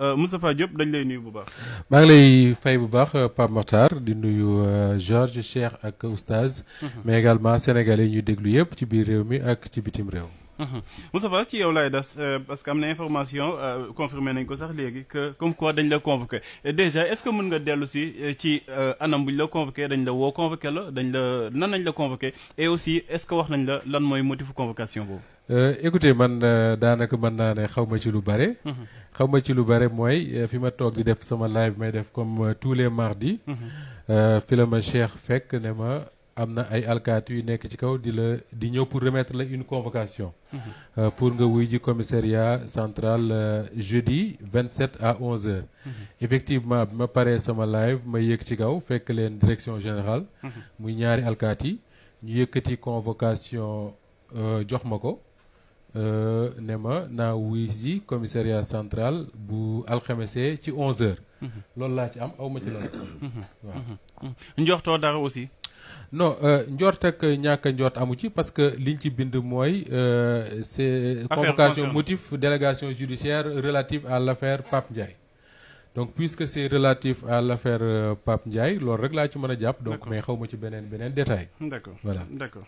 Euh, Moustapha Diop dañ lay nuyu bu baax. maa ngi lay fay bu baax euh, par Makhtar di nuyu euh, Georges Cheikh ak Oustaz. Mhm. mais également sénégalais yi ñuy déglu yëpp ci biir réew mi ak ci bitim réew. Mhm. Moustapha ci yow laay das parce que am na information confirmé nañ ko sax léegi comme quoi dañ la convoqué déjà est-ce que mën nga dellu si ci anam buñ la convoqué dañ la woo convoqué la dañ la nan nañ la convoqué et aussi est-ce que wax nañ la lan mooy motifu convocation boobu. Euh, écoutez man euh, daanaka mën naa ne xaw ma ci lu bare. Mhm. xaw ma ci lu bare mooy euh, fi ma toog di def sama live may def comme tous les mardis. Mhm. fi la ma Cheikh fekk ne ma am na ay alkaati yu nekk ci kaw di la di ñëw pour remettre la une convocation. Mhm. pour nga wuy ji commissariat central jeudi 27 à 11h. effectivement bi ma paree sama live ma yéeg ci kaw fekk leen direction général muy ñaari alkaati ñu yëkkati convocation jox ma ko. Euh, ne ma naa wuy ji commissariat central bu alxamese ci 11h. Mhm. loolu laa ci am aw ma ci loolu. Mhm. waaw. Mhm. njoxtoo dara aussi. non euh, njort ñàkk a njort amu ci parce que liñ ci bind mooy euh, c'est convocation motif délégation judiciaire relative à l'affaire Pape Ndiaye donc puisque c'est relatif à l'affaire Pape Ndiaye loolu rek laa ci mën a jàpp donc mais xaw ma ci beneen beneen détail d'accord